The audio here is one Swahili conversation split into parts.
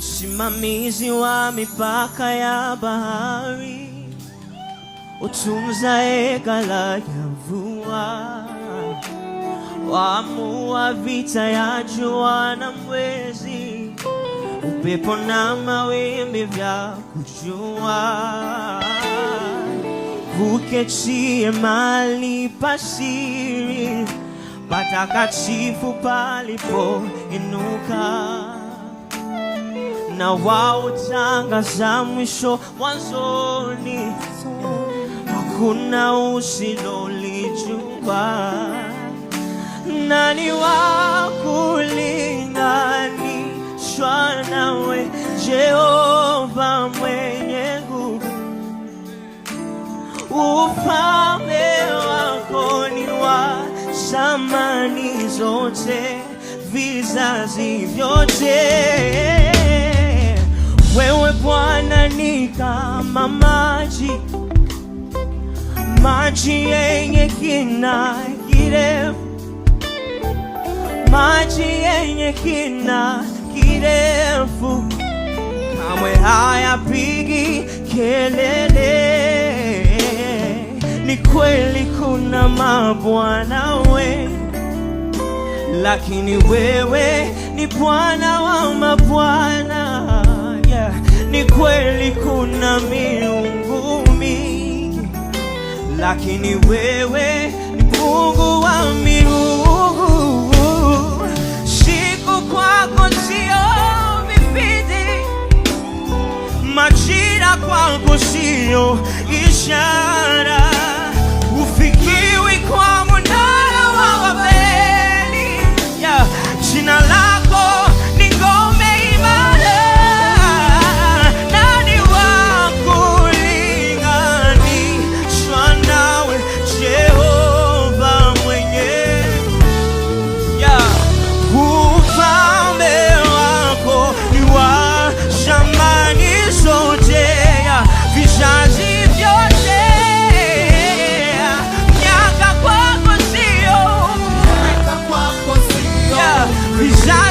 Msimamizi wa mipaka ya bahari, utunza ghala ya mvua, waamua vita ya jua na mwezi, upepo na mawimbi vya kujua, uketie mali pasiri patakatifu palipo inuka na wao changa za mwisho mwanzoni, hakuna usilolijua. Nani wa kulinganishwa nawe, Jehova mwenye nguvu? Ufalme wako ni wa zamani zote, vizazi vyote kama maji, maji yenye kina kirefu, maji yenye kina kirefu, kamwe hayapigi kelele. Ni kweli kuna mabwana we lakini wewe ni Bwana kuna miungu mingi, lakini wewe ni Mungu wa miungu. Siku kwako sio vipindi, majira kwako sio ishara já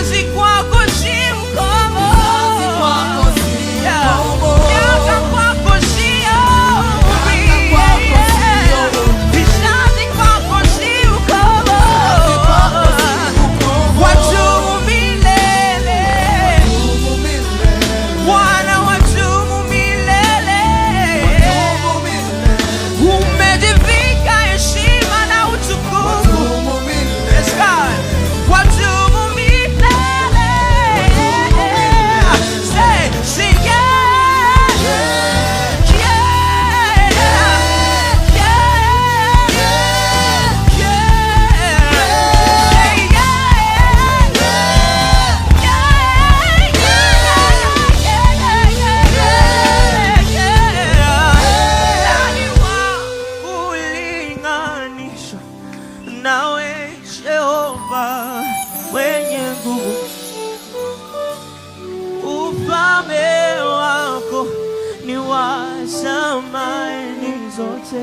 השמיים זאת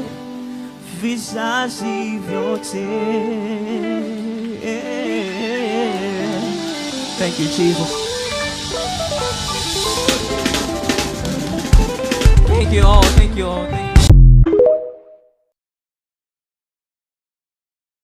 וזזי ויוצא. Thank you, Jesus. Thank you all, thank you all, thank you.